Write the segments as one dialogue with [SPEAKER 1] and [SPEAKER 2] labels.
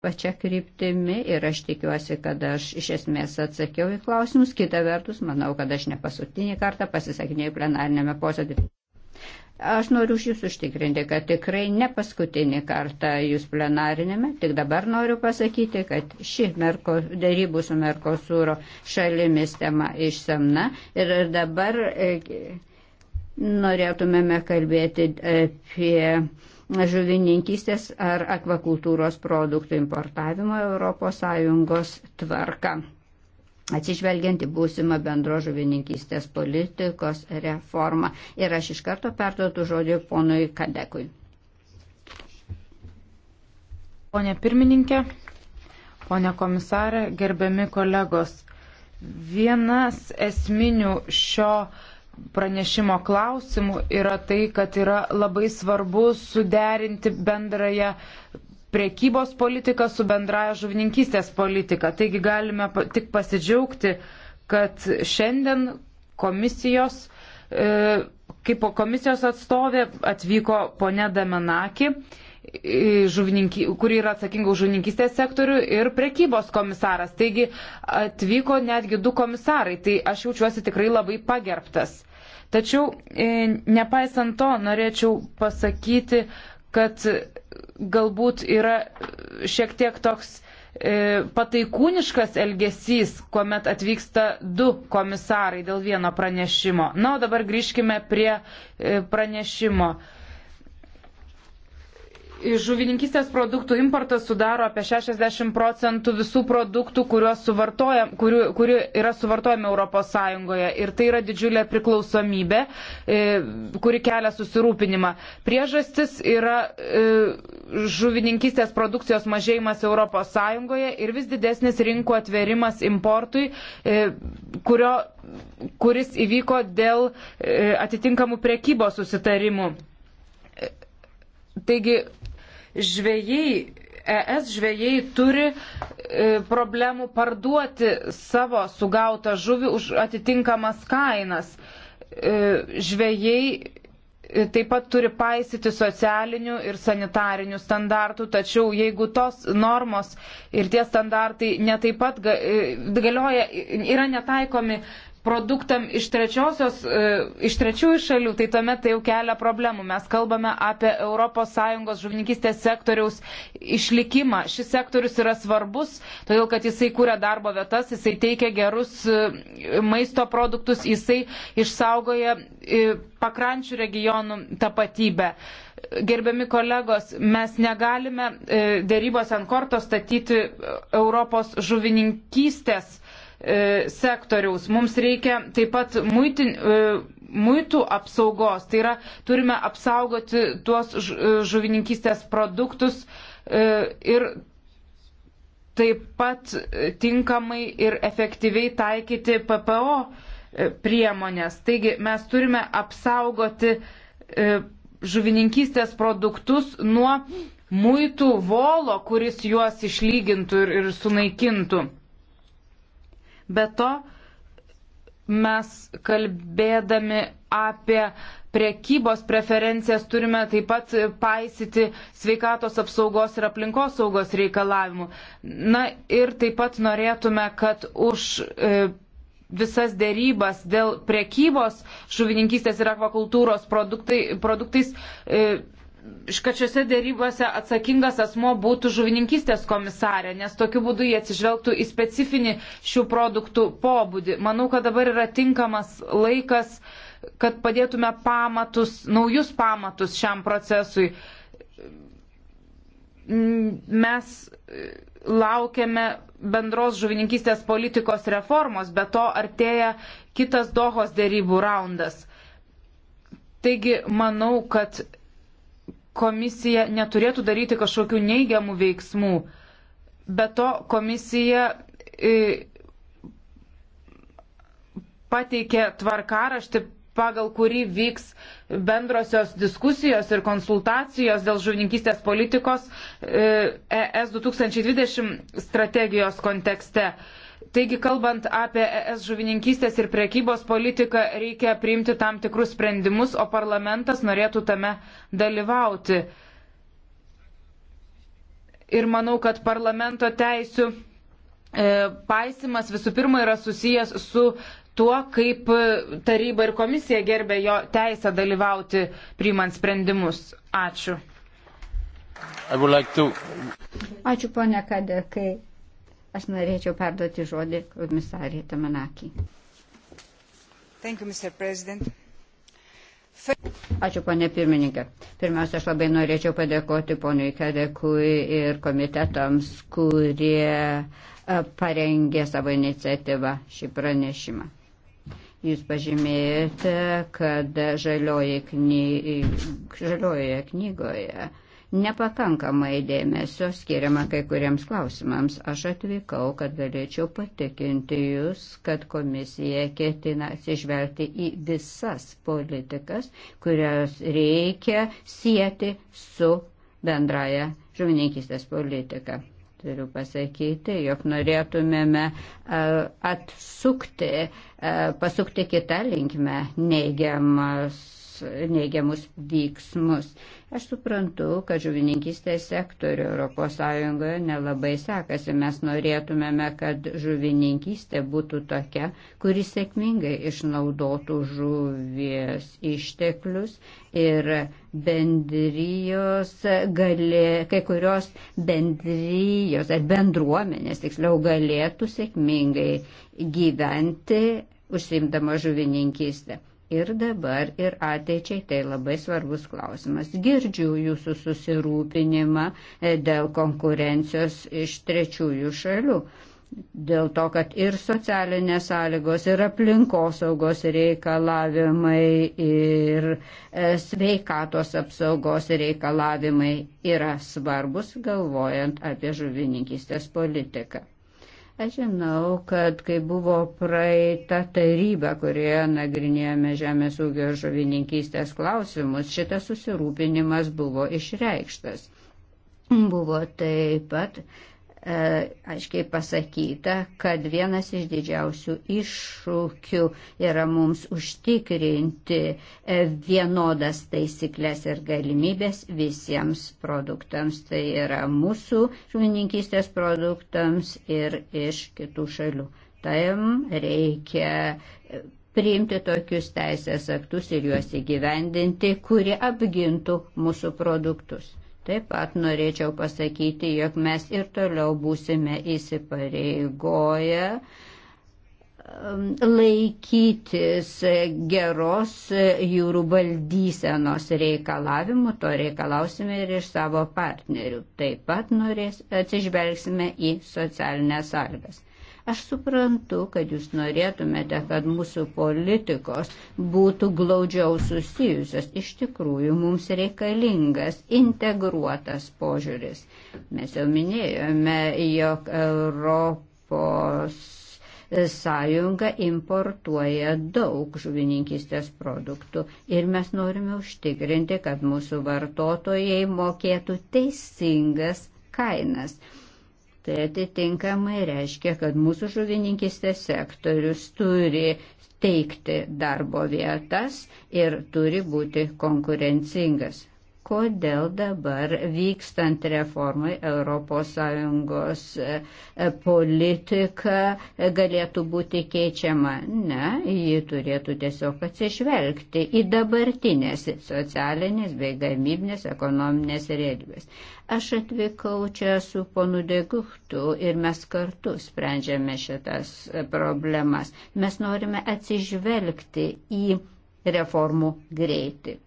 [SPEAKER 1] pačia kryptimi ir aš tikiuosi, kad aš iš esmės atsakiau į klausimus. Kita vertus, manau, kad aš ne paskutinį kartą pasisakinėjau plenarinėme posėdį. Aš noriu už jūs užtikrinti, kad tikrai ne paskutinį kartą jūs plenarinėme, tik dabar noriu pasakyti, kad ši merko, darybų su Merkosūro šalimis tema išsamna ir dabar e, norėtumėme kalbėti apie žuvininkystės ar akvakultūros produktų importavimo ES tvarką. Atsižvelgianti būsimą bendro žuvininkystės politikos reformą. Ir aš iš karto perduotų žodį ponui Kadekui. Pone
[SPEAKER 2] pirmininkė, pone komisarė, gerbiami kolegos, vienas esminių šio pranešimo klausimų yra tai, kad yra labai svarbu suderinti bendrąją priekybos politiką su bendraja žuvininkystės politika. Taigi galime tik pasidžiaugti, kad šiandien komisijos, e, kaip po komisijos atstovė atvyko ponė Damenaki, kuri yra atsakinga už žuvininkystės sektorių ir priekybos komisaras. Taigi atvyko netgi du komisarai. Tai aš jaučiuosi tikrai labai pagerbtas. Tačiau e, nepaisant to norėčiau pasakyti, kad galbūt yra šiek tiek toks e, pataikūniškas elgesys, kuomet atvyksta du komisarai dėl vieno pranešimo. Na, o dabar grįžkime prie e, pranešimo žuvininkystės produktų importas sudaro apie 60 procentų visų produktų, kurių, kurių yra suvartojami ES. Ir tai yra didžiulė priklausomybė, e, kuri kelia susirūpinimą. Priežastis yra e, žuvininkystės produkcijos mažėjimas ES ir vis didesnis rinkų atverimas importui, e, kurio, kuris įvyko dėl atitinkamų prekybos susitarimų. Taigi žvėjai, ES žvėjai turi e, problemų parduoti savo sugautą žuvį už atitinkamas kainas. E, žvėjai e, taip pat turi paisyti socialinių ir sanitarinių standartų, tačiau jeigu tos normos ir tie standartai netaip pat e, galioja, yra netaikomi produktam iš, e, iš trečiųjų šalių, tai tuomet tai jau kelia problemų. Mes kalbame apie ES žuvininkystės sektoriaus išlikimą. Šis sektorius yra svarbus, todėl kad jisai kūrė darbo vietas, jisai teikia gerus e, maisto produktus, jisai išsaugoja e, pakrančių regionų tapatybę gerbiami kolegos, mes negalime dėrybos ant kortos statyti Europos žuvininkystės E, sektoriaus. Mums reikia taip pat muitin, e, muitų apsaugos, tai yra turime apsaugoti tuos e, žuvininkystės produktus ir taip pat tinkamai ir efektyviai taikyti PPO priemonės. Taigi mes turime apsaugoti žuvininkystės produktus nuo muitų volo, kuris juos išlygintų ir, ir sunaikintų. Be to, mes kalbėdami apie priekybos preferencijas turime taip pat paisyti sveikatos apsaugos ir aplinkos saugos reikalavimų. Na ir taip pat norėtume, kad už e, visas dėrybas dėl priekybos žuvininkystės ir akvakultūros produktai, produktais e, kad šiuose dėrybose atsakingas asmo būtų žuvininkystės komisarė, nes tokiu būdu jie atsižvelgtų į specifinį šių produktų pobūdį. Manau, kad dabar yra tinkamas laikas, kad padėtume pamatus, naujus pamatus šiam procesui. Mes laukiame bendros žuvininkystės politikos reformos, be to artėja kitas Dohos dėrybų raundas. Taigi manau, kad komisija neturėtų daryti kažkokių neigiamų veiksmų. Be to, komisija e, pateikė tvarkaraštį, pagal kurį vyks bendrosios diskusijos ir konsultacijos dėl žuvininkystės politikos ES e 2020 strategijos kontekste. Taigi, kalbant apie ES žuvininkystės ir prekybos politiką, reikia priimti tam tikrus sprendimus, o parlamentas norėtų tame dalyvauti. Ir manau, kad parlamento teisų e, paisimas visų pirma yra susijęs su tuo, kaip taryba ir komisija gerbė jo teisę dalyvauti priimant
[SPEAKER 1] sprendimus. Ačiū. Like to... Ačiū, ponia Kadekai. Aš norėčiau perduoti žodį komisarė Tamanakį. Ačiū, ponė pirmininkė. Pirmiausia, aš labai norėčiau padėkoti poniai Kadekui ir komitetams, kurie e, parengė savo iniciatyvą šį pranešimą. Jūs pažymėjote, kad žalioje, kny... žalioje knygoje nepakankamai dėmesio skiriama kai kuriems klausimams. Aš atvykau, kad galėčiau patikinti Jūs, kad komisija ketina atsižvelgti į visas politikas, kurias reikia sieti su bendraja žuvininkistės politika. Turiu pasakyti, jog norėtumėme e, atsukti, e, pasukti kitą linkmę neigiamas neigiamus vyksmus. Aš suprantu, kad žuvininkystės sektoriu ES nelabai sekasi. Mes norėtumėme, kad žuvininkystė būtų tokia, kuri sėkmingai išnaudotų žuvies išteklius ir bendrijos gali, kai kurios bendrijos ar bendruomenės tiksliau galėtų sėkmingai gyventi užsimdama žuvininkystę ir dabar, ir ateičiai tai labai svarbus klausimas. Girdžiu jūsų susirūpinimą e, dėl konkurencijos iš trečiųjų šalių. Dėl to, kad ir socialinės sąlygos, ir aplinkosaugos reikalavimai, ir e, sveikatos apsaugos reikalavimai yra svarbus, galvojant apie žuvininkystės politiką. Aš žinau, kad kai buvo praeita taryba, kurioje nagrinėjome žemės ūkio ir žuvininkystės klausimus, šitas susirūpinimas buvo išreikštas. Buvo taip pat E, aiškiai pasakyta, kad vienas iš didžiausių iššūkių yra mums užtikrinti e, vienodas taisyklės ir galimybės visiems produktams. Tai yra mūsų žuvininkystės produktams ir iš kitų šalių. Tam reikia e, priimti tokius teisės aktus ir juos įgyvendinti, kurie apgintų mūsų produktus. Taip pat norėčiau pasakyti, jog mes ir toliau būsime įsipareigoję um, laikytis geros jūrų valdysenos reikalavimų, to reikalausime ir iš savo partnerių. Taip pat norės, atsižvelgsime į socialinės sargas. Aš suprantu, kad jūs norėtumėte, kad mūsų politikos būtų glaudžiau susijusios. Iš tikrųjų, mums reikalingas integruotas požiūris. Mes jau minėjome, jog Europos sąjunga importuoja daug žuvininkystės produktų ir mes norime užtikrinti, kad mūsų vartotojai mokėtų teisingas kainas. Tai atitinkamai reiškia, kad mūsų žuvininkistės sektorius turi teikti darbo vietas ir turi būti konkurencingas kodėl dabar vykstant reformai ES e, e, politika e, galėtų būti keičiama. Ne, ji turėtų tiesiog atsižvelgti į dabartinės socialinės bei gamybinės ekonominės realybės. Aš atvykau čia su ponu Deguchtu ir mes kartu sprendžiame šitas problemas. Mes norime atsižvelgti į reformų greitį.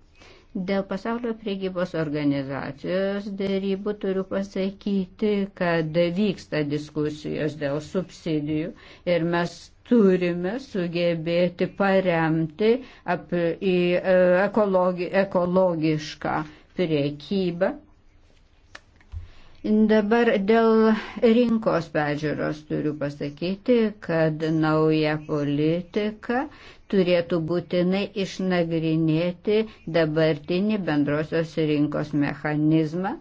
[SPEAKER 1] Dėl pasaulio priegybos organizacijos dėrybų turiu pasakyti, kad vyksta diskusijos dėl subsidijų ir mes turime sugebėti paremti ap, į e, ekologi, ekologišką priekybą. Dabar dėl rinkos peržiūros turiu pasakyti, kad nauja politika turėtų būtinai išnagrinėti dabartinį bendrosios rinkos mechanizmą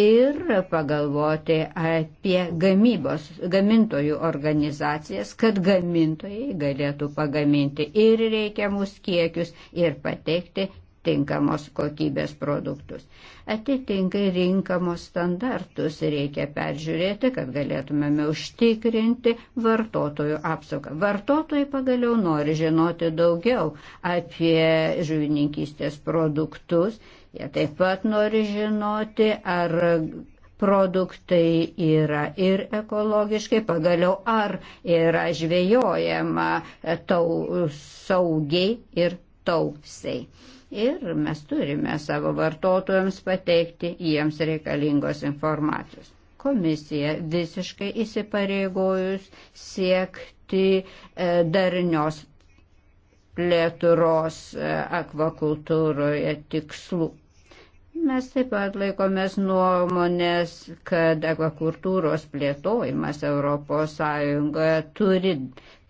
[SPEAKER 1] ir pagalvoti apie gamybos, gamintojų organizacijas, kad gamintojai galėtų pagaminti ir reikiamus kiekius ir pateikti tinkamos kokybės produktus. Atitinkai rinkamos standartus reikia peržiūrėti, kad galėtumėme užtikrinti vartotojų apsaugą. Vartotojai pagaliau nori žinoti daugiau apie žuvininkystės produktus. Jie taip pat nori žinoti, ar produktai yra ir ekologiškai, pagaliau ar yra žvejojama tau, saugiai ir tausiai ir mes turime savo vartotojams pateikti jiems reikalingos informacijos. Komisija visiškai įsipareigojus siekti e, darnios plėturos e, akvakultūroje tikslų. Mes taip pat laikomės nuomonės, kad akvakultūros plėtojimas ES turi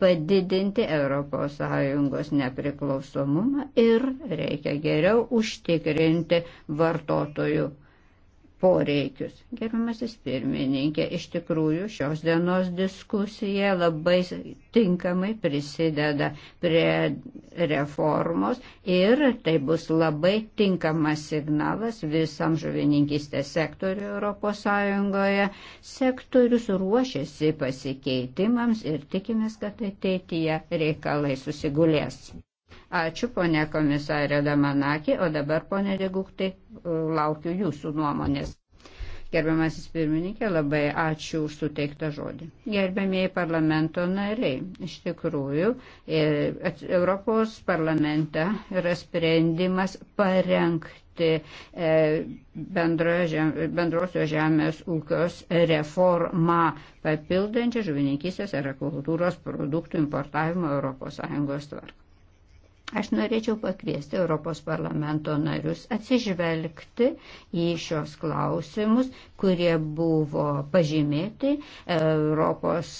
[SPEAKER 1] padidinti ES nepriklausomumą ir reikia geriau užtikrinti vartotojų poreikius. Gerbiamasis pirmininkė, iš tikrųjų šios dienos diskusija labai tinkamai prisideda prie reformos ir tai bus labai tinkamas signalas visam žuvininkistės sektoriu ES. Sektorius ruošiasi pasikeitimams ir tikimės, kad ateityje reikalai susigulės. Ačiū, ponė komisarė Damanakė, o dabar, ponė Deguktai, laukiu jūsų nuomonės. Gerbiamasis pirmininkė, labai ačiū už suteiktą žodį. Gerbėmėjai parlamento nariai, iš tikrųjų, e, Europos parlamente yra sprendimas parengti atlikti e, žem, bendrosios žemės ūkios reformą, papildančią žuvininkystės ir akvakultūros produktų importavimo ES tvarką. Aš norėčiau pakviesti Europos parlamento narius atsižvelgti į šios klausimus, kurie buvo pažymėti Europos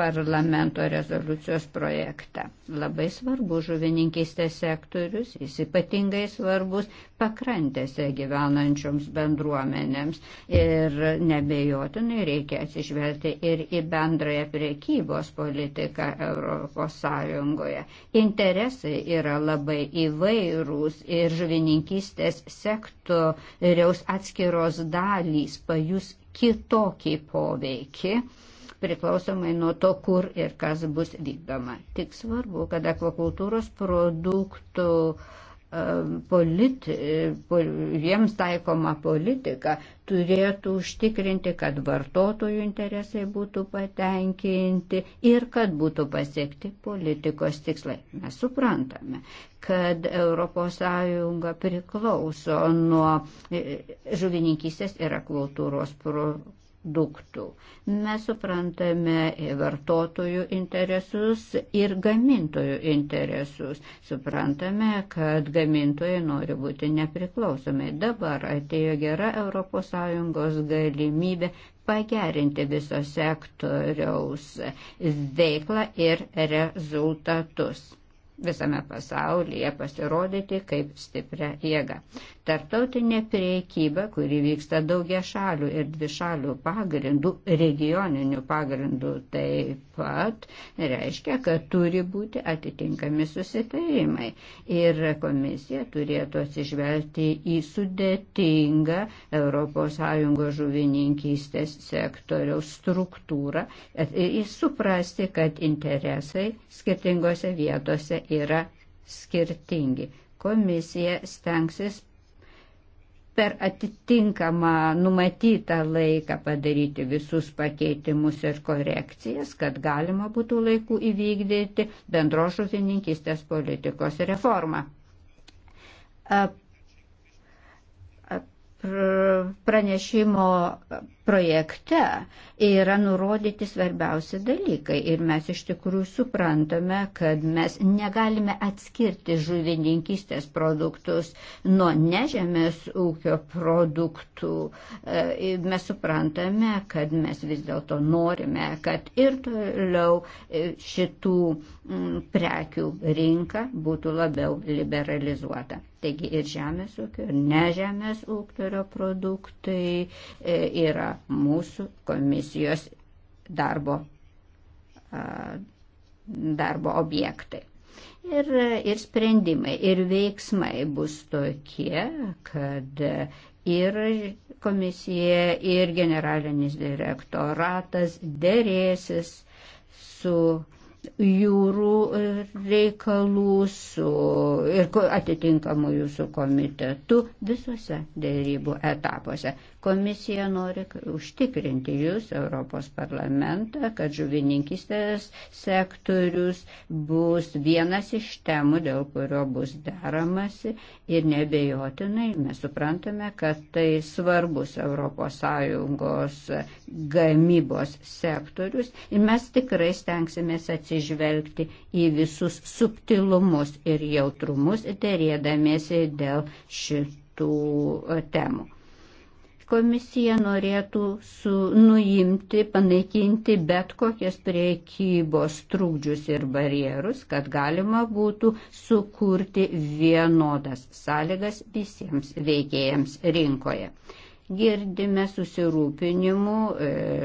[SPEAKER 1] parlamento rezoliucijos projekte. Labai svarbu žuvininkystės sektorius, jis ypatingai svarbus, pakrantėse gyvenančioms bendruomenėms. Ir nebejotinai reikia atsižvelgti ir į bendrąją priekybos politiką ES. Interesai yra labai įvairūs ir žuvininkystės sektoriaus atskiros dalys pajus kitokį poveikį priklausomai nuo to, kur ir kas bus vykdoma. Tik svarbu, kad akvakultūros produktų uh, politi, pol, jiems taikoma politika turėtų užtikrinti, kad vartotojų interesai būtų patenkinti ir kad būtų pasiekti politikos tikslai. Mes suprantame, kad ES priklauso nuo e, e, žuvininkystės ir akvakultūros produktų. Mes suprantame vartotojų interesus ir gamintojų interesus. Suprantame, kad gamintojai nori būti nepriklausomi. Dabar atėjo gera ES galimybė pagerinti viso sektoriaus veiklą ir rezultatus visame pasaulyje pasirodyti kaip stiprią jėgą. Tartautinė priekyba, kuri vyksta daugia šalių ir dvi šalių pagrindų, regioninių pagrindų taip pat, reiškia, kad turi būti atitinkami susitarimai. Ir komisija turėtų atsižvelgti į sudėtingą ES žuvininkystės sektoriaus struktūrą ir suprasti, kad interesai skirtingose vietose yra skirtingi. Komisija stengsis per atitinkamą numatytą laiką padaryti visus pakeitimus ir korekcijas, kad galima būtų laiku įvykdyti bendros žuvininkistės politikos reformą. Pranešimo projekte yra nurodyti svarbiausi dalykai ir mes iš tikrųjų suprantame, kad mes negalime atskirti žuvininkystės produktus nuo nežemės ūkio produktų. E, mes suprantame, kad mes vis dėlto norime, kad ir toliau e, šitų mm, prekių rinka būtų labiau liberalizuota. Taigi ir žemės ūkio, ir nežemės ūkio produktai e, yra mūsų komisijos darbo, darbo objektai. Ir, ir sprendimai, ir veiksmai bus tokie, kad ir komisija, ir generalinis direktoratas dėrėsis su jūrų reikalų su, ir atitinkamų jūsų komitetu visuose dėrybų etapuose. Komisija nori užtikrinti jūs, Europos parlamentą, kad žuvininkistės sektorius bus vienas iš temų, dėl kurio bus deramasi ir nebejotinai mes suprantame, kad tai svarbus ES gamybos sektorius ir mes tikrai stengsimės atsižvelgti į visus subtilumus ir jautrumus dėrėdamiesi dėl šitų temų komisija norėtų su, nuimti, panaikinti bet kokias priekybos trūkdžius ir barjerus, kad galima būtų sukurti vienodas sąlygas visiems veikėjams rinkoje. Girdime susirūpinimų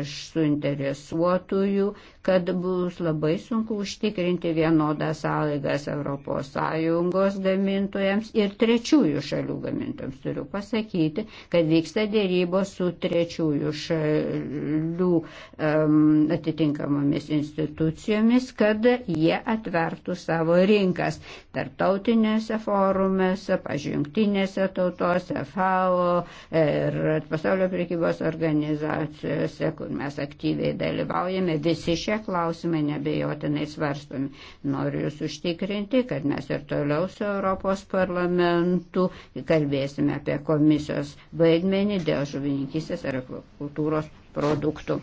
[SPEAKER 1] iš e, suinteresuotųjų, kad bus labai sunku užtikrinti vienodas sąlygas ES gamintojams ir trečiųjų šalių gamintojams. Turiu pasakyti, kad vyksta dėrybos su trečiųjų šalių um, atitinkamomis institucijomis, kad jie atvertų savo rinkas tarptautinėse forumėse, pažiūrėjimtinėse tautose, FAO ir er, pasaulio priekybos organizacijose, kur mes aktyviai dalyvaujame, visi šie klausimai nebejotinai svarstomi. Noriu Jūs užtikrinti, kad mes ir toliau su Europos parlamentu kalbėsime apie komisijos vaidmenį dėl žuvininkystės ir kultūros produktų.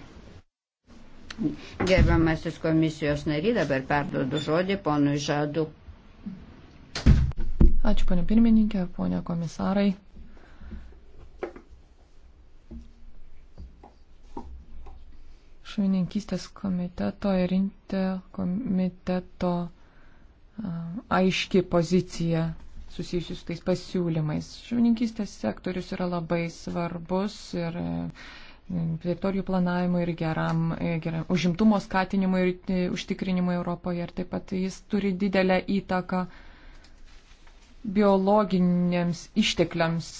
[SPEAKER 1] Gerbiamasis komisijos nary, dabar perduodu žodį ponui Žadu.
[SPEAKER 3] Ačiū, ponė pirmininkė, ponė komisarai. šuvininkystės komiteto ir inte komiteto aiški pozicija susijusius su tais pasiūlymais. Žuvininkystės sektorius yra labai svarbus ir e, teritorijų planavimui ir geram, e, geram užimtumo skatinimui ir e, užtikrinimui Europoje. Ir taip pat jis turi didelę įtaką biologiniams ištekliams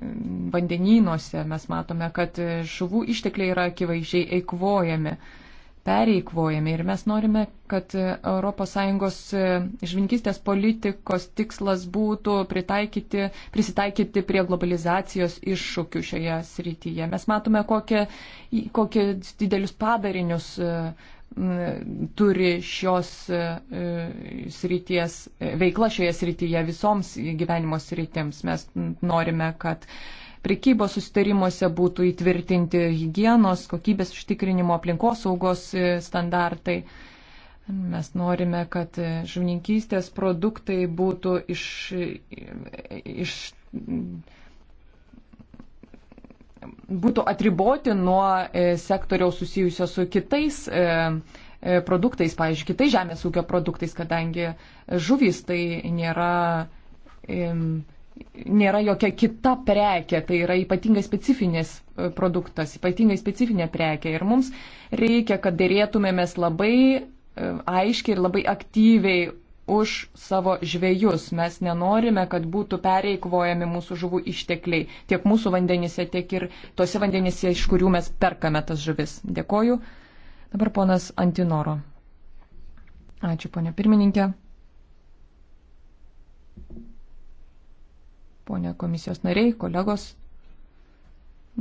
[SPEAKER 3] vandenynuose. Mes matome, kad žuvų ištekliai yra akivaizdžiai eikvojami, pereikvojami. Ir mes norime, kad ES e, žvinkistės politikos tikslas būtų prisitaikyti prie globalizacijos iššūkių šioje srityje. Mes matome, kokie, kokie didelius padarinius e, turi šios e, srities, e, veikla šioje srityje visoms gyvenimo sritims. Mes norime, kad prekybos sustarimuose būtų įtvirtinti hygienos, kokybės užtikrinimo, aplinkosaugos e, standartai. Mes norime, kad žuvininkystės produktai būtų iš, iš būtų atriboti nuo e, sektoriaus susijusio su kitais e, e, produktais, pavyzdžiui, kitais žemės ūkio produktais, kadangi žuvys tai nėra, nėra jokia kita prekė, tai yra ypatingai specifinis produktas, ypatingai specifinė prekė ir mums reikia, kad dėrėtumėmės labai aiškiai ir labai aktyviai už savo žvėjus. Mes nenorime, kad būtų pereikvojami mūsų žuvų ištekliai tiek mūsų vandenyse, tiek ir tose vandenyse, iš kurių mes perkame tas žuvis. Dėkoju. Dabar ponas Antinoro. Ačiū, ponė pirmininkė. Pone komisijos nariai, kolegos.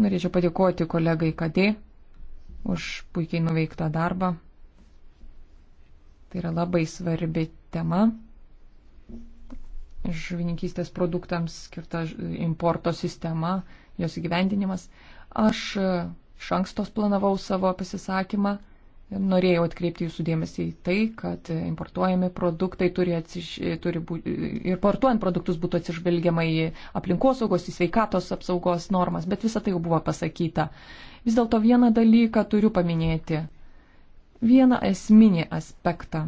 [SPEAKER 3] Norėčiau padėkoti kolegai Kadė už puikiai nuveiktą darbą. Tai yra labai svarbi tema žuvininkystės produktams skirta importo sistema, jos įgyvendinimas. Aš e, iš anksto planavau savo pasisakymą ir norėjau atkreipti jūsų dėmesį į tai, kad importuojami produktai turi, atsiž... E, turi būti, e, ir partuojant produktus būtų atsižvelgiama į aplinkosaugos, į sveikatos apsaugos normas, bet visa tai jau buvo pasakyta. Vis dėlto vieną dalyką turiu paminėti. Vieną esminį aspektą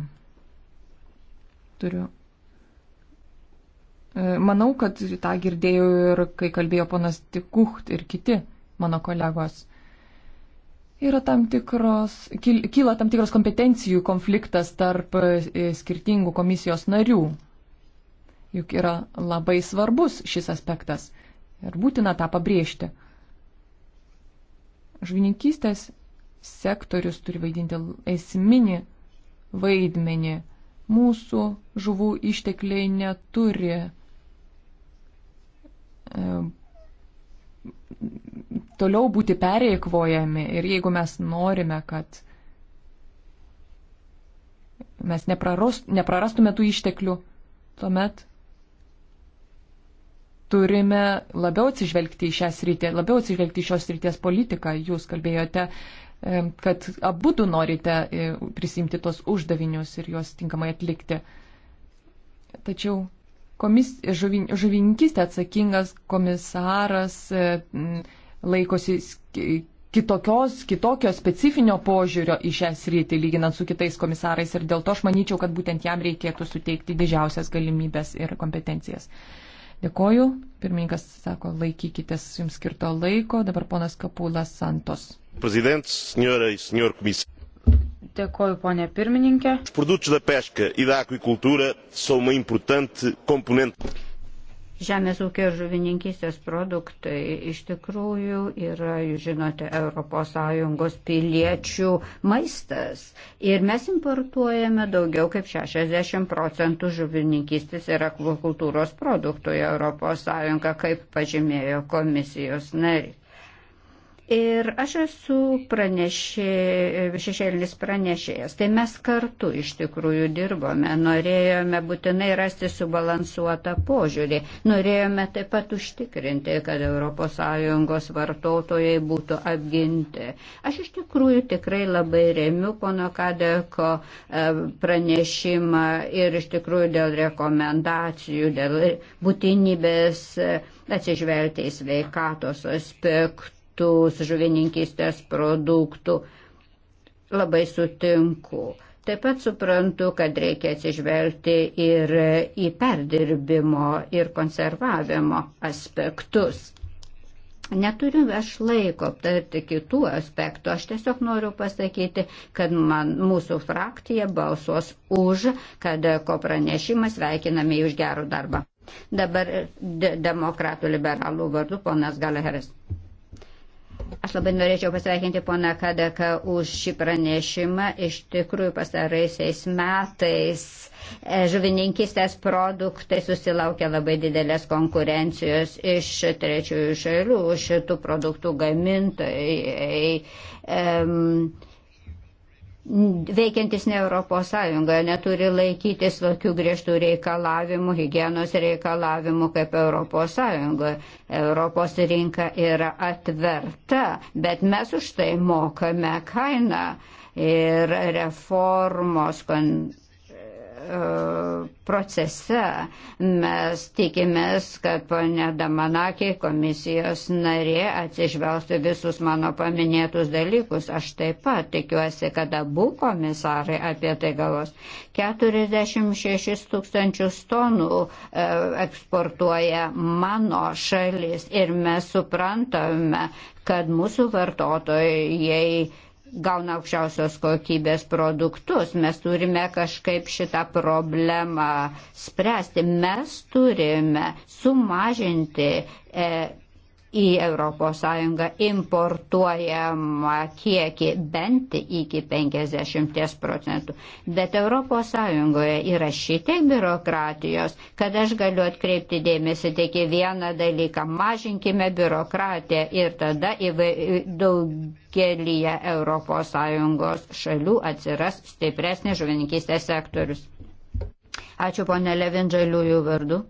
[SPEAKER 3] Turiu. E, manau, kad tą girdėjau ir kai kalbėjo ponas Tikucht ir kiti mano kolegos. Yra tam tikros, kyla tam tikros kompetencijų konfliktas tarp e, skirtingų komisijos narių. Juk yra labai svarbus šis aspektas ir būtina tą pabrėžti. Žvininkystės sektorius turi vaidinti esminį vaidmenį Mūsų žuvų ištekliai neturi e, toliau būti pereikvojami ir jeigu mes norime, kad mes neprarastume tų išteklių, tuomet turime labiau atsižvelgti į šią sritį, labiau atsižvelgti į šios srities politiką. Jūs kalbėjote kad abu du norite e, prisimti tos uždavinius ir juos tinkamai atlikti. Tačiau komis, žuvin, žuvininkistė atsakingas komisaras e, laikosi kitokios, kitokio specifinio požiūrio į šią sritį, lyginant su kitais komisarais. Ir dėl to aš manyčiau, kad būtent jam reikėtų suteikti didžiausias galimybės ir kompetencijas. Dėkoju. Pirmininkas sako, laikykitės jums skirto laiko. Dabar ponas Kapulas Santos.
[SPEAKER 2] E
[SPEAKER 1] Dėkoju, ponė pirmininkė. E Žemės ūkio ir žuvininkystės produktai iš tikrųjų yra, jūs žinote, ES piliečių maistas. Ir mes importuojame daugiau kaip 60 procentų žuvininkystės ir akvakultūros produktų į ES, kaip pažymėjo komisijos nariai. Ir aš esu pranešė, šešėlinis pranešėjas. Tai mes kartu iš tikrųjų dirbome, norėjome būtinai rasti subalansuotą požiūrį, norėjome taip pat užtikrinti, kad ES vartotojai būtų apginti. Aš iš tikrųjų tikrai labai remiu pono Kadeko e, pranešimą ir iš tikrųjų dėl rekomendacijų, dėl būtinybės e, atsižvelgti į sveikatos aspektų kitų žuvininkystės produktų. Labai sutinku. Taip pat suprantu, kad reikia atsižvelgti ir į perdirbimo ir konservavimo aspektus. Neturiu aš laiko aptarti kitų aspektų. Aš tiesiog noriu pasakyti, kad man, mūsų frakcija balsuos už, kad ko pranešimas veikiname už gerų darbą. Dabar de demokratų liberalų vardu ponas Galeheris. Aš labai norėčiau pasveikinti poną Kadaką už šį pranešimą. Iš tikrųjų, pastaraisiais metais e, žuvininkistės produktai susilaukia labai didelės konkurencijos iš trečiųjų šalių, šitų produktų gamintojai. Um, e, e, veikiantis ne Europos Sąjungoje neturi laikytis tokių griežtų reikalavimų, hygienos reikalavimų kaip Europos Sąjungoje. Europos rinka yra atverta, bet mes už tai mokame kainą. Ir reformos kon E, procese. Mes tikimės, kad ponė Damanakė, komisijos narė, atsižvelgtų visus mano paminėtus dalykus. Aš taip pat tikiuosi, kad abu komisarai apie tai galvos. 46 tūkstančius tonų e, eksportuoja mano šalis ir mes suprantame, kad mūsų vartotojai gauna aukščiausios kokybės produktus. Mes turime kažkaip šitą problemą spręsti. Mes turime sumažinti e, į ES importuojamą kiekį bent iki 50 procentų. Bet ES yra šitiek biurokratijos, kad aš galiu atkreipti dėmesį tik į vieną dalyką. Mažinkime biurokratiją ir tada daugelyje ES šalių atsiras stipresnis žuvininkystės sektorius. Ačiū ponė Levin Žaliųjų vardu.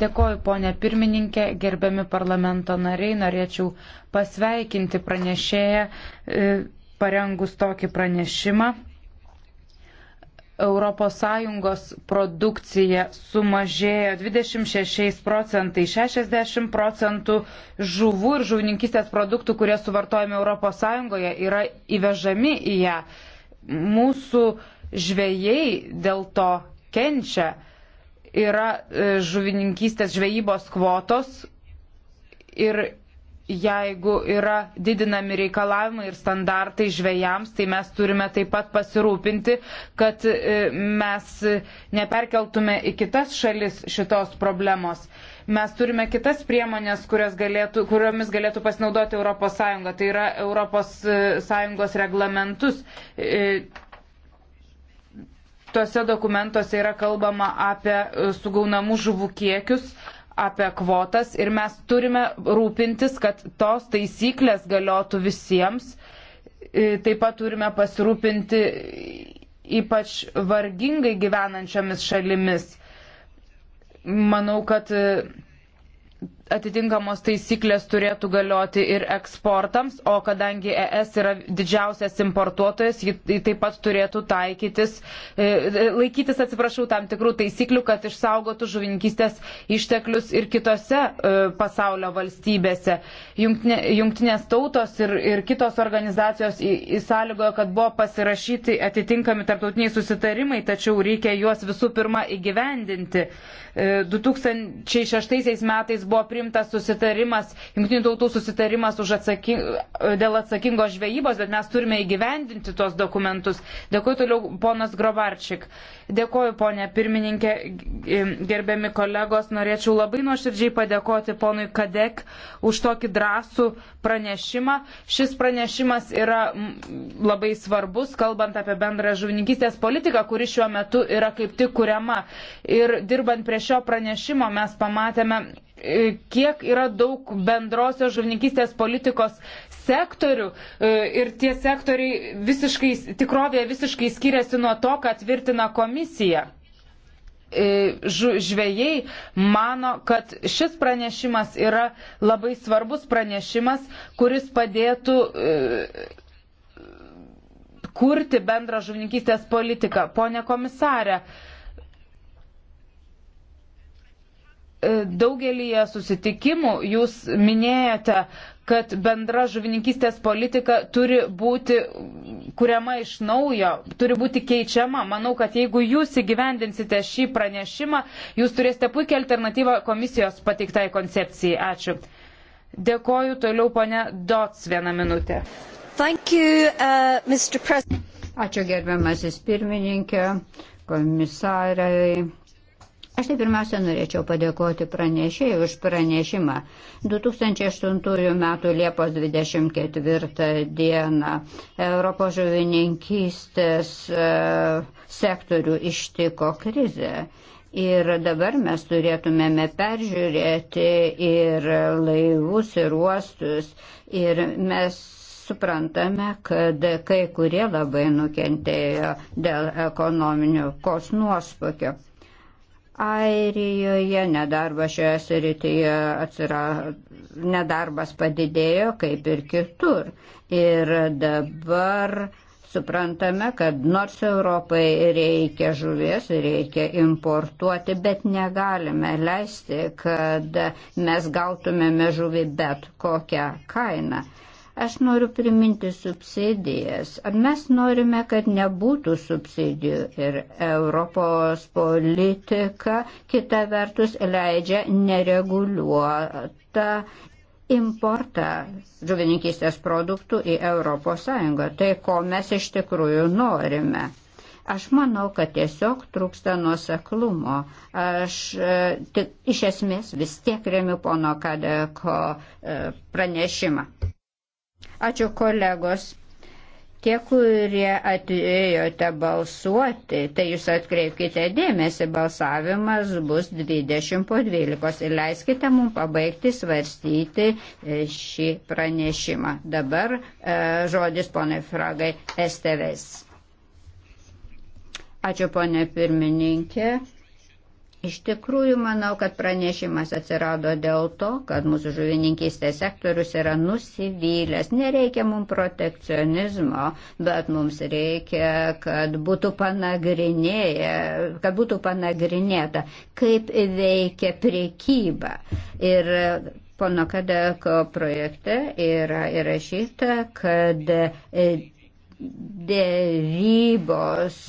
[SPEAKER 2] Dėkoju, ponė pirmininkė, gerbiami parlamento nariai, norėčiau pasveikinti pranešėją e, parengus tokį pranešimą. ES produkcija sumažėjo 26 procentai, 60 procentų žuvų ir žuvininkistės produktų, kurie suvartojami ES, yra įvežami į ją. Mūsų žvėjai dėl to kenčia yra e, žuvininkystės žvejybos kvotos ir jeigu yra didinami reikalavimai ir standartai žvėjams, tai mes turime taip pat pasirūpinti, kad e, mes neperkeltume į kitas šalis šitos problemos mes turime kitas priemonės, galėtų, kuriomis galėtų pasinaudoti ES, tai yra ES e, reglamentus tuose dokumentuose yra kalbama apie e, sugaunamų žuvų kiekius, apie kvotas ir mes turime rūpintis, kad tos taisyklės galiotų visiems. E, taip pat turime pasirūpinti ypač vargingai gyvenančiomis šalimis. Manau, kad e, atitinkamos taisyklės turėtų galioti ir eksportams, o kadangi ES yra didžiausias importuotojas, ji taip pat turėtų taikytis, e, e, laikytis, atsiprašau, tam tikrų taisyklių, kad išsaugotų žuvininkystės išteklius ir kitose e, pasaulio valstybėse. Jungtinės tautos ir, ir kitos organizacijos įsąlygojo, kad buvo pasirašyti atitinkami tarptautiniai susitarimai, tačiau reikia juos visų pirma įgyvendinti. 2006 metais buvo priimta primtas susitarimas, jungtinių tautų susitarimas atsaking, dėl atsakingos žvejybos, bet mes turime įgyvendinti tuos dokumentus. Dėkuoju toliau ponas Grobarčik. Dėkuoju ponė pirmininkė, gerbiami kolegos, norėčiau labai nuoširdžiai padėkoti ponui Kadek už tokį drąsų pranešimą. Šis pranešimas yra labai svarbus, kalbant apie bendrą žuvininkystės politiką, kuri šiuo metu yra kaip tik kuriama. Ir dirbant prie šio pranešimo mes pamatėme E, kiek yra daug bendrosios žuvininkystės politikos sektorių e, ir tie sektoriai visiškai, tikrovėje visiškai skiriasi nuo to, ką tvirtina komisija. E, žvėjai mano, kad šis pranešimas yra labai svarbus pranešimas, kuris padėtų kurti bendrą žuvininkystės politiką. Pone komisarė, E, daugelį susitikimų jūs minėjote, kad bendra žuvininkystės politika turi būti kuriama iš naujo, turi būti keičiama. Manau, kad jeigu jūs įgyvendinsite šį pranešimą, jūs turėsite puikią alternatyvą komisijos pateiktai koncepcijai. Ačiū.
[SPEAKER 1] Dėkoju toliau, ponė Dots, vieną minutę. Thank you, uh, Ačiū gerbiamasis pirmininkė, komisarai Aš tai pirmiausia norėčiau padėkoti pranešėjai už pranešimą. 2008 m. Liepos 24 d. Europos žuvininkystės e, sektorių ištiko krizė. Ir dabar mes turėtumėme peržiūrėti ir laivus, ir uostus. Ir mes suprantame, kad kai kurie labai nukentėjo dėl ekonominio kos nuospokio. Airijoje nedarbas šioje srityje atsirado, nedarbas padidėjo kaip ir kitur. Ir dabar suprantame, kad nors Europai reikia žuvies, reikia importuoti, bet negalime leisti, kad mes gautumėme žuvį bet kokią kainą. Aš noriu priminti subsidijas. Ar mes norime, kad nebūtų subsidijų ir Europos politika kita vertus leidžia nereguliuotą importą žuvininkystės produktų į ES. Tai ko mes iš tikrųjų norime. Aš manau, kad tiesiog trūksta nuoseklumo. Aš e, tik iš esmės vis tiek remiu pono Kadeko e, pranešimą. Ačiū kolegos. Tie, kurie atėjote balsuoti, tai jūs atkreipkite dėmesį, balsavimas bus 20 po 12 ir leiskite mums pabaigti svarstyti e, šį pranešimą. Dabar e, žodis ponai Fragai Esteves. Ačiū ponė pirmininkė. Iš tikrųjų, manau, kad pranešimas atsirado dėl to, kad mūsų žuvininkystės sektorius yra nusivylęs. Nereikia mums protekcionizmo, bet mums reikia, kad būtų, kad būtų panagrinėta, kaip veikia priekyba. Ir pono Kadeko projekte yra įrašyta, kad e, dėrybos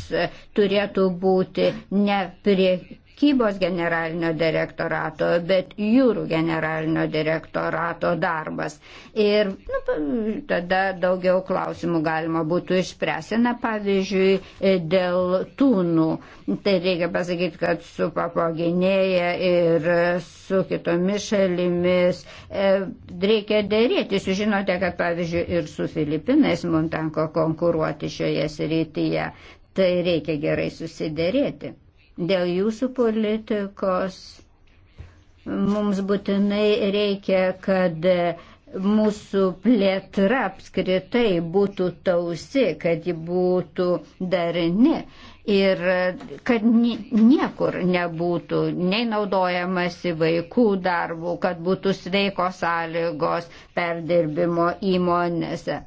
[SPEAKER 1] turėtų būti ne prie priekybos generalinio direktorato, bet jūrų generalinio direktorato darbas. Ir nu, tada daugiau klausimų galima būtų išspręsti. Na, pavyzdžiui, dėl tūnų. Tai reikia pasakyti, kad su papoginėje ir su kitomis šalimis e, reikia dėrėtis. Jūs žinote, kad pavyzdžiui ir su Filipinais mums tenko konkuruoti šioje srityje. Tai reikia gerai susidėrėti dėl jūsų politikos. Mums būtinai reikia, kad mūsų plėtra apskritai būtų tausi, kad ji būtų darni ir kad niekur nebūtų nei naudojamasi vaikų darbų, kad būtų sveikos sąlygos perdirbimo įmonėse.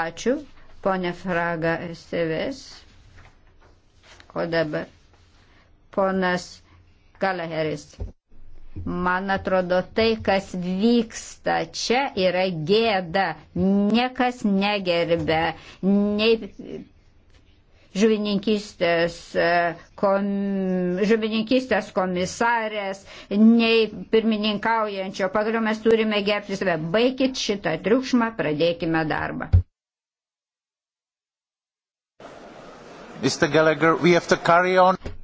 [SPEAKER 1] Ačiū, ponė Fraga Seves. O dabar ponas Galaheris. Man atrodo, tai, kas vyksta čia, yra gėda. Niekas negerbė nei žuvininkystės, e, kom, žuvininkystės komisarės, nei pirmininkaujančio. Pagaliau mes turime gerbti save. Baikit šitą triukšmą, pradėkime darbą.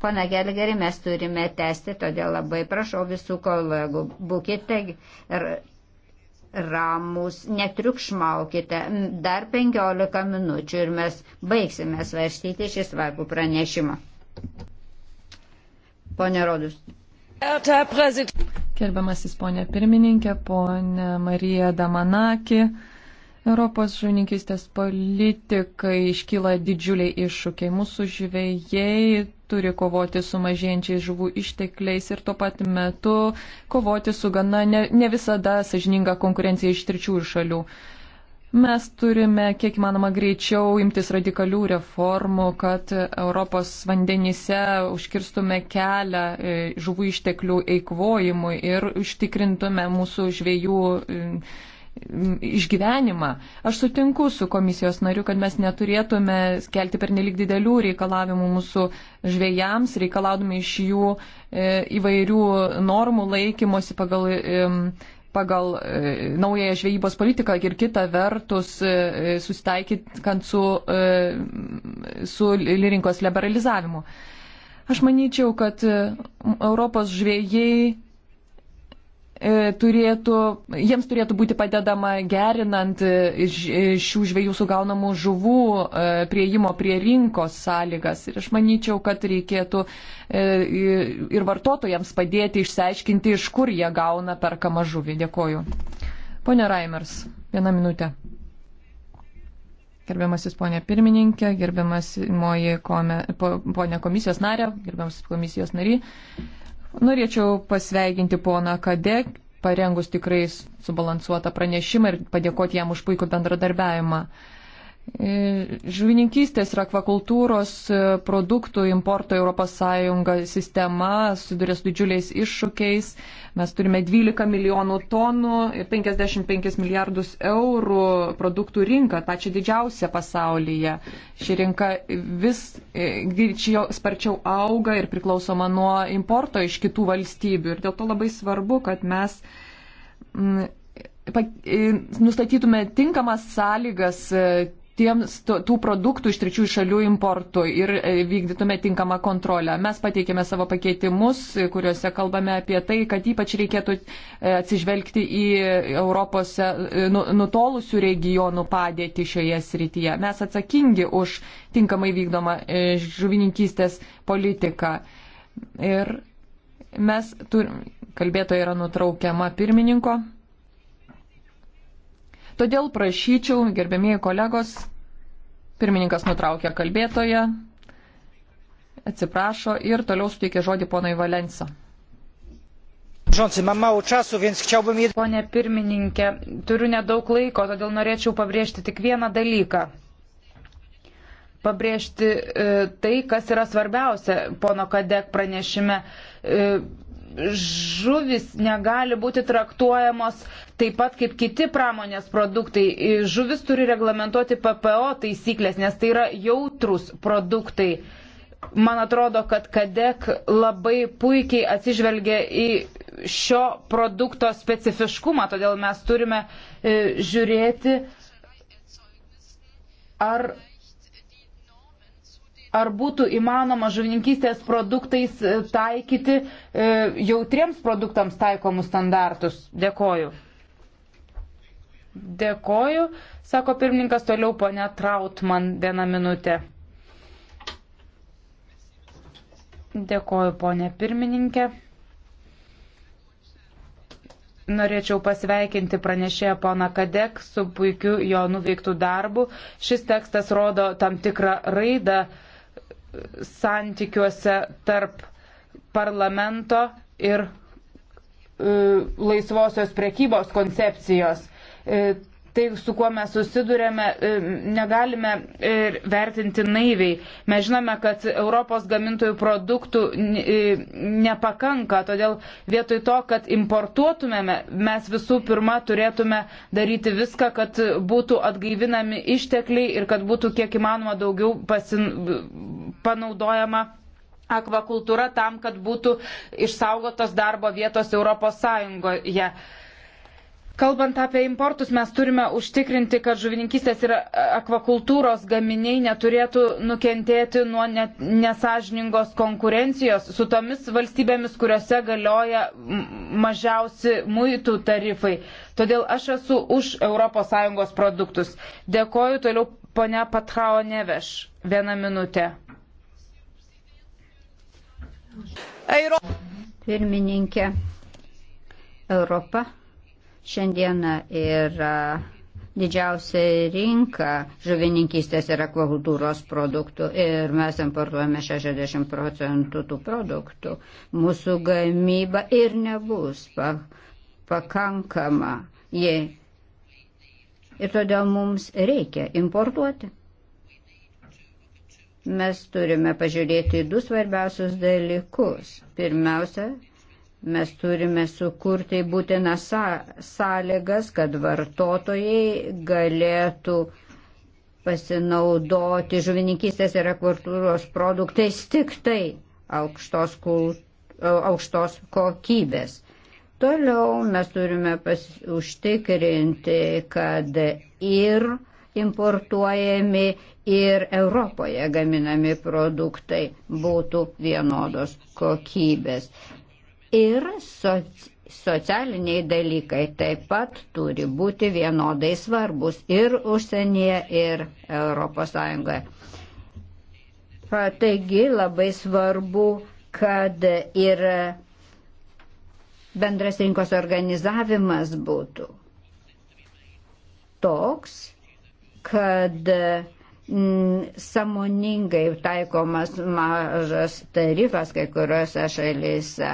[SPEAKER 1] Pana Gelegeri, mes turime tęsti, todėl labai prašau visų kolegų, būkite ramus, netriukšmaukite. Dar 15 minučių ir mes baigsime svarstyti šį svarbų pranešimą. Pone Rodus. Gerbiamasis ponė pirmininkė,
[SPEAKER 3] ponė Marija Damanaki. Europos žuvininkystės politikai iškyla didžiuliai iššūkiai. Mūsų žvėjai turi kovoti su mažėjančiais žuvų ištekliais ir tuo pat metu kovoti su gana ne, ne visada sažininga konkurencija iš trečiųjų šalių. Mes turime, kiek manoma, greičiau imtis radikalių reformų, kad Europos vandenyse užkirstume kelią e, žuvų išteklių eikvojimui ir užtikrintume mūsų žvėjų e, išgyvenimą. Aš sutinku su komisijos nariu, kad mes neturėtume kelti pernelik didelių reikalavimų mūsų žvėjams, reikalaudami iš jų e, įvairių normų laikymosi pagal pagal e, naująją žvejybos politiką ir kitą vertus e, e susitaikant su, e, su rinkos liberalizavimu. Aš manyčiau, kad e, Europos žvėjai E, turėtų, jiems turėtų būti padedama gerinant e, e, šių žvėjų sugaunamų žuvų prieimo prie rinkos sąlygas. Ir aš manyčiau, kad reikėtų ir vartotojams padėti išsiaiškinti, iš kur jie gauna perkamą žuvį. Dėkoju. Pone Raimers, vieną minutę. Gerbiamasis ponė pirmininkė, gerbiamas moji ponė komisijos narė, gerbiamas komisijos nary. Norėčiau pasveikinti poną Kadek, parengus tikrai subalansuotą pranešimą ir padėkoti jam už puikų bendradarbiavimą. E, žuvininkystės ir akvakultūros e, produktų importo ES sistema suduria su didžiuliais iššūkiais. Mes turime 12 milijonų tonų ir 55 milijardus eurų produktų rinką, pačią didžiausią pasaulyje. Ši rinka vis e, greičiau, sparčiau auga ir priklausoma nuo importo iš kitų valstybių. Ir dėl to labai svarbu, kad mes. Mm, nustatytume tinkamas sąlygas tiems, tų produktų iš trečiųjų šalių importui ir e, vykdytume tinkamą kontrolę. Mes pateikėme savo pakeitimus, kuriuose kalbame apie tai, kad ypač reikėtų e, atsižvelgti į Europos e, nu, nutolusių regionų padėtį šioje srityje. Mes atsakingi už tinkamai vykdomą žuvininkystės politiką. Ir mes turime, kalbėtoja yra nutraukiama pirmininko. Todėl prašyčiau, gerbėmieji kolegos, pirmininkas nutraukė kalbėtoją, atsiprašo ir toliau suteikė žodį ponai Valensa.
[SPEAKER 2] Pone pirmininkė, turiu nedaug laiko, todėl norėčiau pabrėžti tik vieną dalyką pabrėžti e, tai, kas yra svarbiausia pono Kadek pranešime. E, žuvis negali būti traktuojamos taip pat kaip kiti pramonės produktai. Žuvis turi reglamentuoti PPO taisyklės, nes tai yra jautrus produktai. Man atrodo, kad Kadek labai puikiai atsižvelgia į šio produkto specifiškumą, todėl mes turime e, žiūrėti, ar ar būtų įmanoma žuvininkystės produktais e, taikyti e, jautriems produktams taikomus standartus. Dėkoju. Dėkoju, sako pirmininkas toliau ponia Trautman vieną minutę. Dėkoju, ponė pirmininkė. Norėčiau pasveikinti pranešėją poną Kadek su puikiu jo nuveiktų darbu. Šis tekstas rodo tam tikrą raidą santykiuose tarp parlamento ir e, laisvosios prekybos koncepcijos. E, tai, su kuo mes susidurėme, e, negalime e, vertinti naiviai. Mes žinome, kad Europos gamintojų produktų e, nepakanka, todėl vietoj to, kad importuotumėme, mes visų pirma turėtume daryti viską, kad būtų atgaivinami ištekliai ir kad būtų kiek įmanoma daugiau pasin... panaudojama akvakultūra tam, kad būtų išsaugotos darbo vietos Europos Sąjungoje. Yeah. Kalbant apie importus, mes turime užtikrinti, kad žuvininkystės ir akvakultūros gaminiai neturėtų nukentėti nuo nesažiningos konkurencijos su tomis valstybėmis, kuriuose galioja mažiausi muitų tarifai. Todėl aš esu už ES produktus. Dėkoju toliau ponia Patrao Neveš. Vieną minutę.
[SPEAKER 1] Pirmininkė, Europa Šiandieną yra didžiausia rinka žuvininkystės ir akvakultūros produktų ir mes importuojame 60 procentų tų produktų. Mūsų gamyba ir nebus pakankama. Jei. Ir todėl mums reikia importuoti. Mes turime pažiūrėti į du svarbiausius dalykus. Pirmiausia, Mes turime sukurti būtinas sąlygas, kad vartotojai galėtų pasinaudoti žuvininkystės ir akvakultūros produktais tik tai aukštos, kult, aukštos kokybės. Toliau mes turime pas, užtikrinti, kad ir importuojami, ir Europoje gaminami produktai būtų vienodos kokybės ir soci, socialiniai dalykai taip pat turi būti vienodai svarbus ir užsienyje, ir ES. Taigi labai svarbu, kad ir bendras rinkos organizavimas būtų toks, kad mm, samoningai taikomas mažas tarifas kai kuriuose šalyse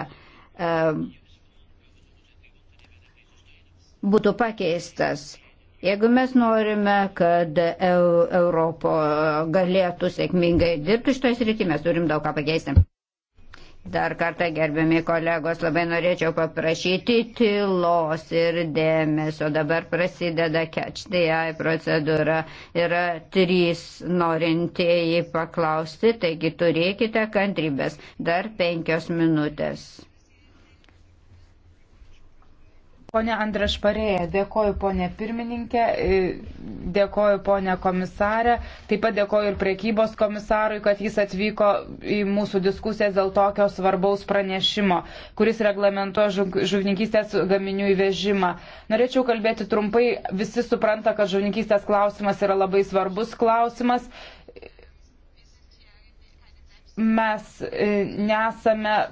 [SPEAKER 1] būtų pakeistas. Jeigu mes norime, kad Europo galėtų sėkmingai dirbti šitoje srityje, mes turim daug ką pakeisti. Dar kartą, gerbiami kolegos, labai norėčiau paprašyti tylos ir dėmesio. Dabar prasideda catch the eye procedūra. Yra trys norintieji paklausti, taigi turėkite kantrybės. Dar penkios minutės.
[SPEAKER 2] Pone Andrės Parėja, dėkoju ponė pirmininkė, e, dėkoju ponė komisarė, taip pat dėkoju ir priekybos komisarui, kad jis atvyko į mūsų diskusijas dėl tokio svarbaus pranešimo, kuris reglamentuoja žuvininkystės gaminių įvežimą. Norėčiau kalbėti trumpai, visi supranta, kad žuvininkystės klausimas yra labai svarbus klausimas mes e, nesame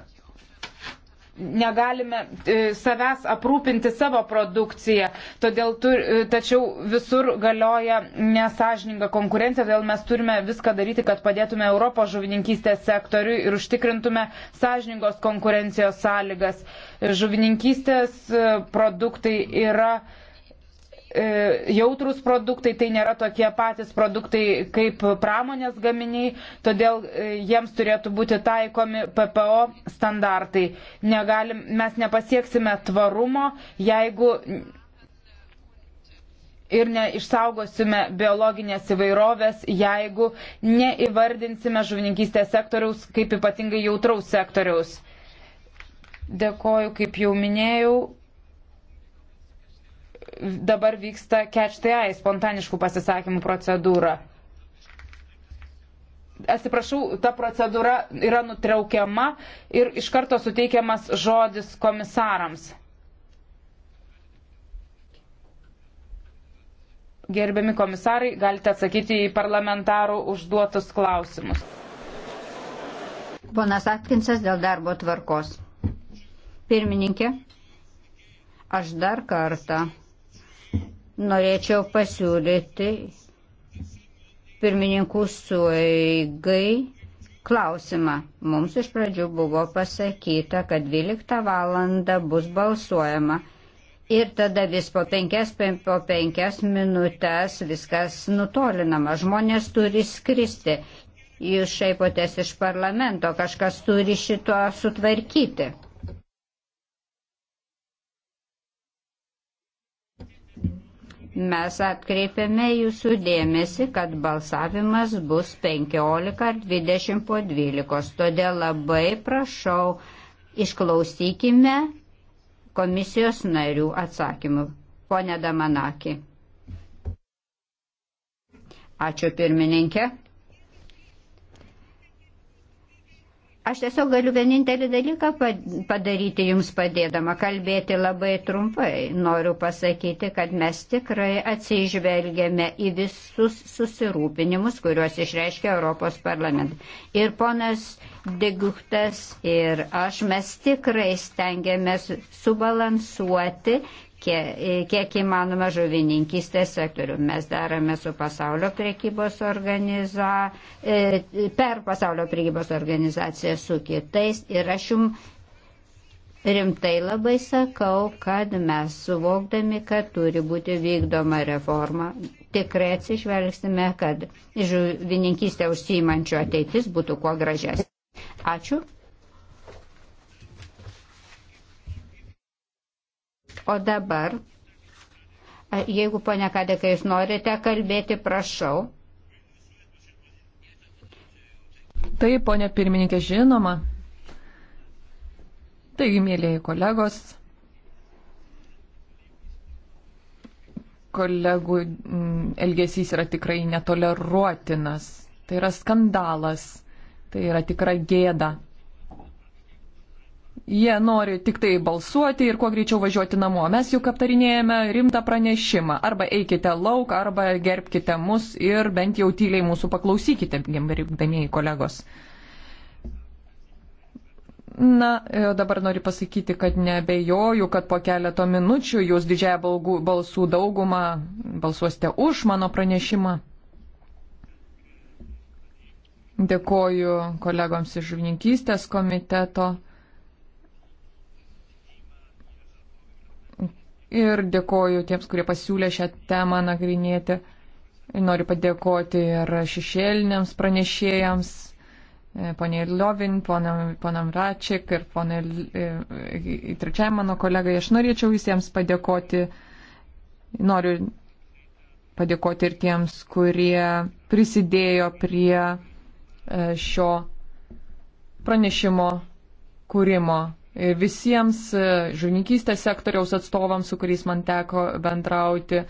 [SPEAKER 2] negalime e, savęs aprūpinti savo produkciją. Todėl, tur, e, tačiau visur galioja nesažininga konkurencija, todėl mes turime viską daryti, kad padėtume Europos žuvininkystės sektoriui ir užtikrintume sažiningos konkurencijos sąlygas. Žuvininkystės e, produktai yra E, jautrus produktai, tai nėra tokie patys produktai kaip pramonės gaminiai, todėl e, jiems turėtų būti taikomi PPO standartai. Negalim, mes nepasieksime tvarumo, jeigu ir neišsaugosime biologinės įvairovės, jeigu neįvardinsime žuvininkystės sektoriaus kaip ypatingai jautraus sektoriaus. Dėkoju, kaip jau minėjau, dabar vyksta catch the eye, spontaniškų pasisakymų procedūra. Atsiprašau, ta procedūra yra nutraukiama ir iš karto suteikiamas žodis komisarams. Gerbiami komisarai, galite atsakyti į parlamentarų užduotus klausimus.
[SPEAKER 1] Ponas Atkinsas dėl darbo tvarkos. Pirmininkė, aš dar kartą norėčiau pasiūlyti pirmininkų sueigai klausimą. Mums iš pradžių buvo pasakyta, kad 12 valandą bus balsuojama ir tada vis po penkias, po penkias minutės viskas nutolinama. Žmonės turi skristi. Jūs šaipotės iš parlamento, kažkas turi šito sutvarkyti. Mes atkreipiame jūsų dėmesį, kad balsavimas bus 15 ar 20 po 12. Todėl labai prašau, išklausykime komisijos narių atsakymų. Pone Damanaki. Ačiū pirmininkė. Aš tiesiog galiu vienintelį dalyką padaryti jums padėdama, kalbėti labai trumpai. Noriu pasakyti, kad mes tikrai atsižvelgėme į visus susirūpinimus, kuriuos išreiškia Europos parlamentas. Ir ponas Deguhtas ir aš mes tikrai stengiamės subalansuoti kiek, e, kiek įmanoma žuvininkystės sektorių. Mes darome su pasaulio prekybos organiza, e, per pasaulio prekybos organizaciją su kitais ir aš jums rimtai labai sakau, kad mes suvokdami, kad turi būti vykdoma reforma, tikrai atsižvelgsime, kad žuvininkystė užsiimančio ateitis būtų kuo gražesnė. Ačiū. O dabar, e, jeigu ponia Kadekai, jūs norite kalbėti, prašau. Taip, ponia pirmininkė, žinoma.
[SPEAKER 3] Taigi, mėlyjeji kolegos, kolegų mm, elgesys yra tikrai netoleruotinas. Tai yra skandalas, tai yra tikra gėda. Jie nori tik tai balsuoti ir kuo greičiau važiuoti namo. Mes juk aptarinėjame rimtą pranešimą. Arba eikite lauk, arba gerbkite mus ir bent jau tyliai mūsų paklausykite, gerbdamieji kolegos. Na, e, dabar noriu pasakyti, kad nebejoju, kad po keleto minučių jūs didžiąją balsų daugumą balsuosite už mano pranešimą. Dėkoju kolegoms iš žuvininkystės komiteto. ir dėkoju tiems, kurie pasiūlė šią temą nagrinėti. Noriu padėkoti ir šešėliniams pranešėjams, e, poniai Lovin, ponam, ponam Račik ir ponai e, trečiajam mano kolegai. Aš norėčiau visiems padėkoti. Noriu padėkoti ir tiems, kurie prisidėjo prie e, šio pranešimo kūrimo visiems e, žuvininkystės sektoriaus atstovams, su kuriais man teko bendrauti.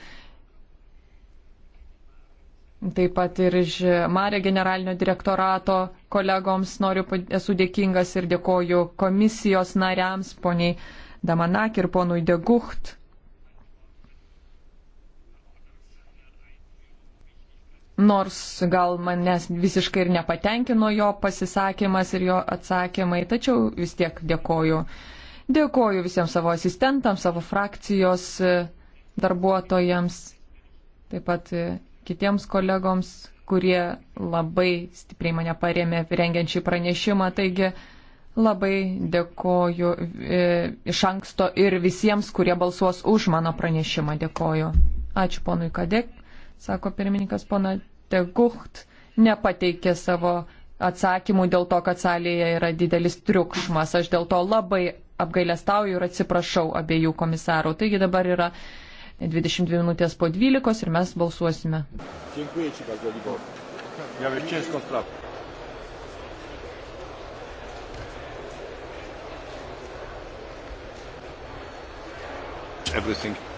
[SPEAKER 3] Taip pat ir iš Marė generalinio direktorato kolegoms noriu, esu dėkingas ir dėkoju komisijos nariams, poniai Damanak ir ponui Degucht. nors gal manęs visiškai ir nepatenkino jo pasisakymas ir jo atsakymai, tačiau vis tiek dėkoju. Dėkoju visiems savo asistentams, savo frakcijos e, darbuotojams, taip pat e, kitiems kolegoms, kurie labai stipriai mane paremė rengiant šį pranešimą. Taigi labai dėkoju e, iš anksto ir visiems, kurie balsuos už mano pranešimą. Dėkoju. Ačiū ponui Kadek sako pirmininkas pana Tegucht nepateikė savo atsakymų dėl to, kad salėje yra didelis triukšmas. Aš dėl to labai apgailestauju ir atsiprašau abiejų komisarų. Taigi dabar yra 22 minutės po 12 ir mes balsuosime.
[SPEAKER 2] Dziękuję Ci bardzo, Libor.
[SPEAKER 3] Miałeś ciężką sprawę.
[SPEAKER 1] everything